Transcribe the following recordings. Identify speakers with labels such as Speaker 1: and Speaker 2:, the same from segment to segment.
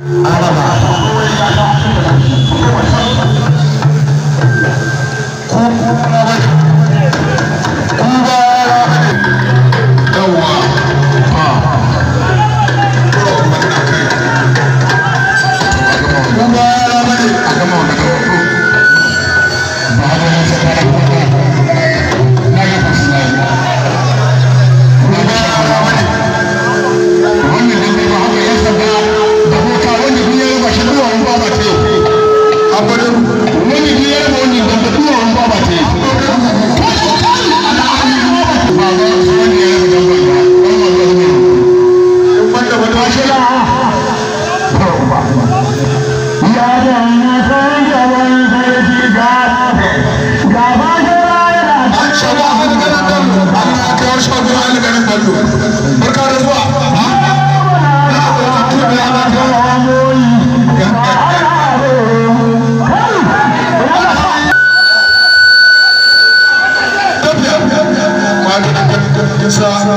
Speaker 1: 阿拉巴。wani shago a na garin Bello Allah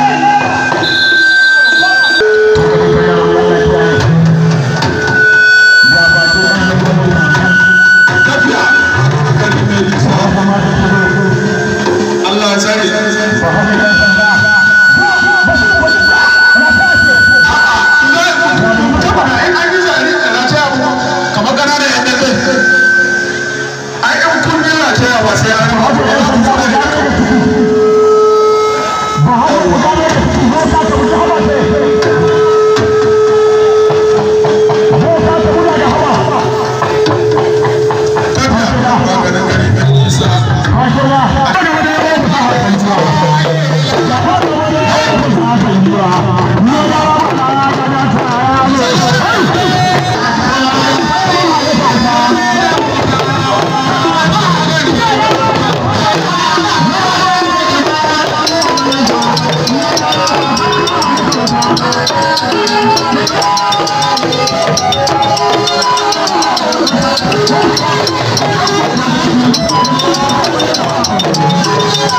Speaker 1: Baka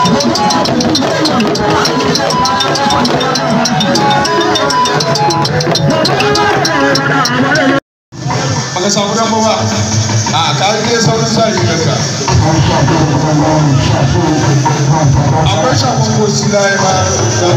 Speaker 1: samu dama ba, a kawai ne sauran sa rigarka. Akwai shafin kosi layi ba da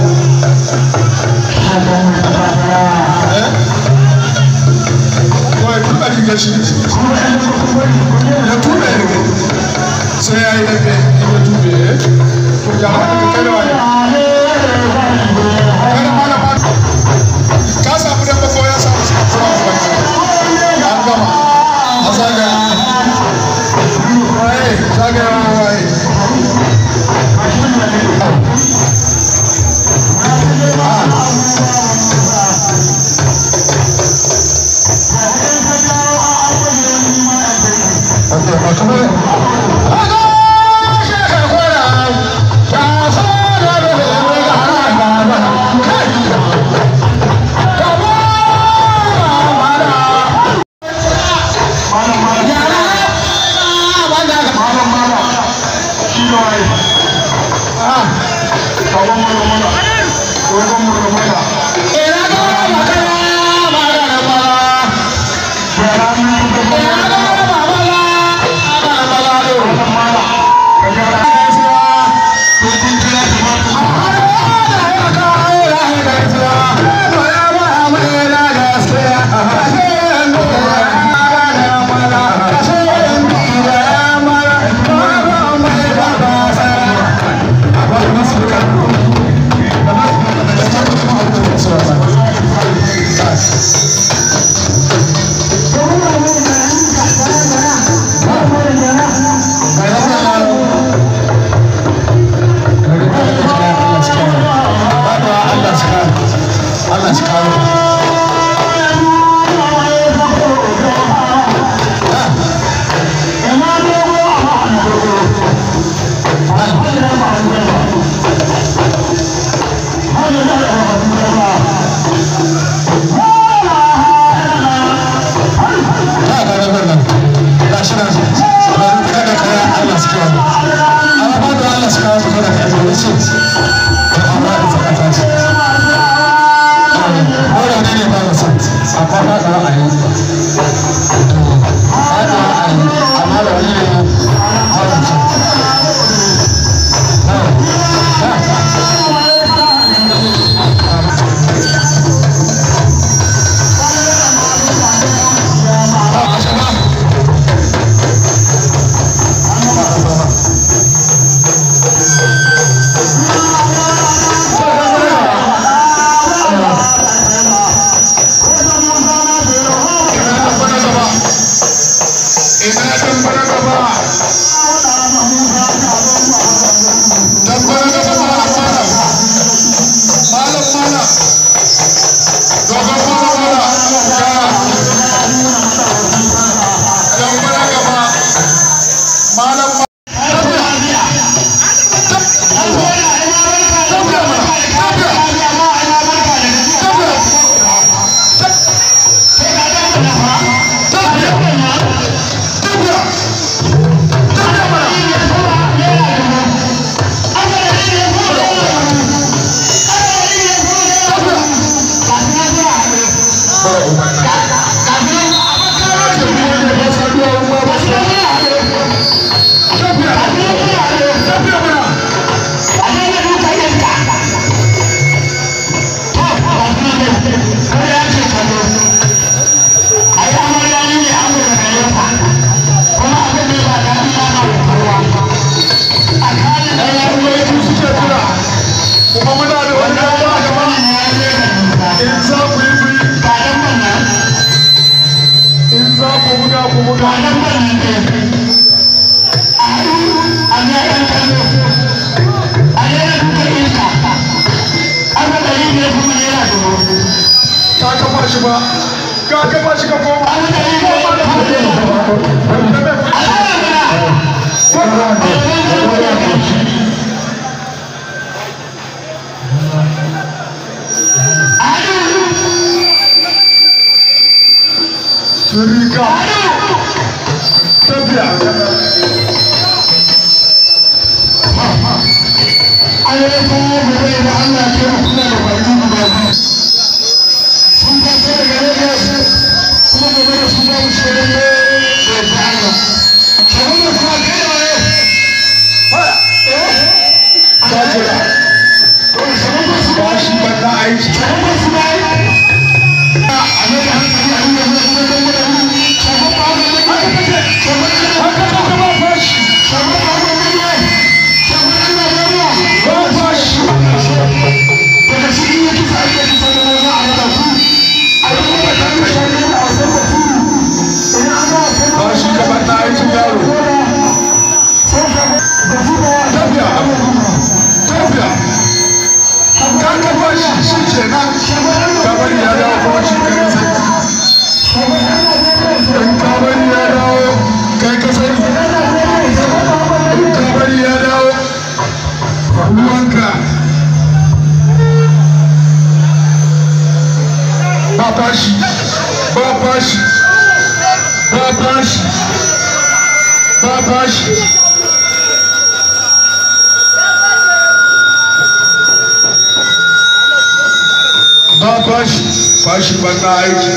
Speaker 1: Ah, vamos, vamos, vamos. Vamos, vamos, vamos. ka kafa shi ka koma koma da Rika tafiya ayyukan gobe da Allah Thank you. kenan kabari ka fashi fashi banna aiki